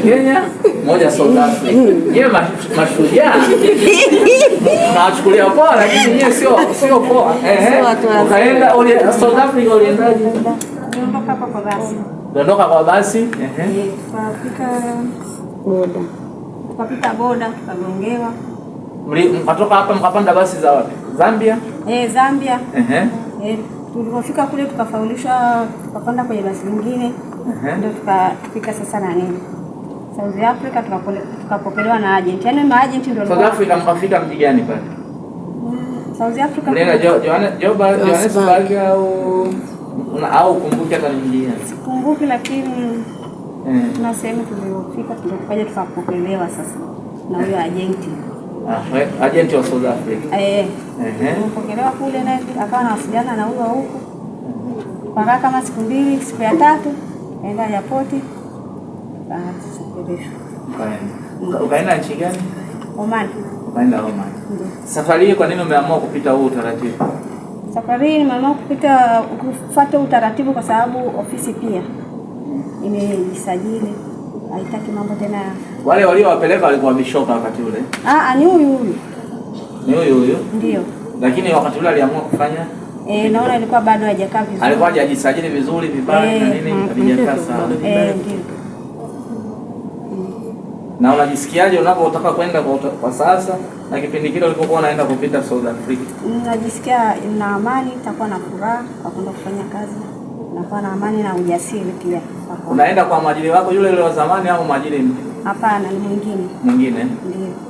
Kenya, moja South Africa. Mm. Yeye mashujaa nachukulia poa, lakini yeye sio sio poa. Eh eh. ukaenda South Africa, uliendaje? Dondoka kwa basi. kwa basi. Eh eh. Ehe, boda tukapita boda, tukagongewa. Mkatoka hapa mkapanda basi za wapi? Zambia. Eh, Zambia. Eh eh. tulipofika kule tukafaulishwa, tukapanda kwenye basi lingine, ndio tukafika sasa na nini Yaani South Africa tukapokelewa na agent. Yaani agent ndio South Africa mkafika mji gani pale? Mm, South Africa. Joba, Johannesburg au au kumbuki hata ni Sikumbuki lakini eh, na sehemu tuliofika tukaja tukapokelewa sasa na huyo agent. Ah, agent wa South Africa. Eh. Ehe. Tukapokelewa kule naye akawa anawasiliana na huyo huko. Kwa kama siku mbili, siku ya tatu enda poti, bahati safirishwa. Ukaenda nchi gani? Oman. Ukaenda Oman. Safari hii kwa nini umeamua kupita huu utaratibu? Safari hii nimeamua kupita kufuata utaratibu kwa sababu ofisi pia imejisajili haitaki mambo tena. Wale waliowapeleka walikuwa wameshoka wakati ule? Ah, ah, ni huyu huyu, ni huyu huyu ndio. Lakini wakati ule aliamua kufanya e, naona ilikuwa bado hajakaa vizuri, alikuwa hajajisajili vizuri vibaya na eh, nini, hajakaa ah, sawa. Eh, ndio na unajisikiaje unapotaka kwenda kwa, kwa sasa na kipindi kile ulipokuwa unaenda kupita South Africa? Najisikia na amani, nitakuwa na furaha kwa kwenda kufanya kazi, nitakuwa na amani na ujasiri pia. Unaenda kwa mwajiri wako yule yule wa zamani au mwajiri mpya? Hapana, ni mwingine. Mwingine ndio.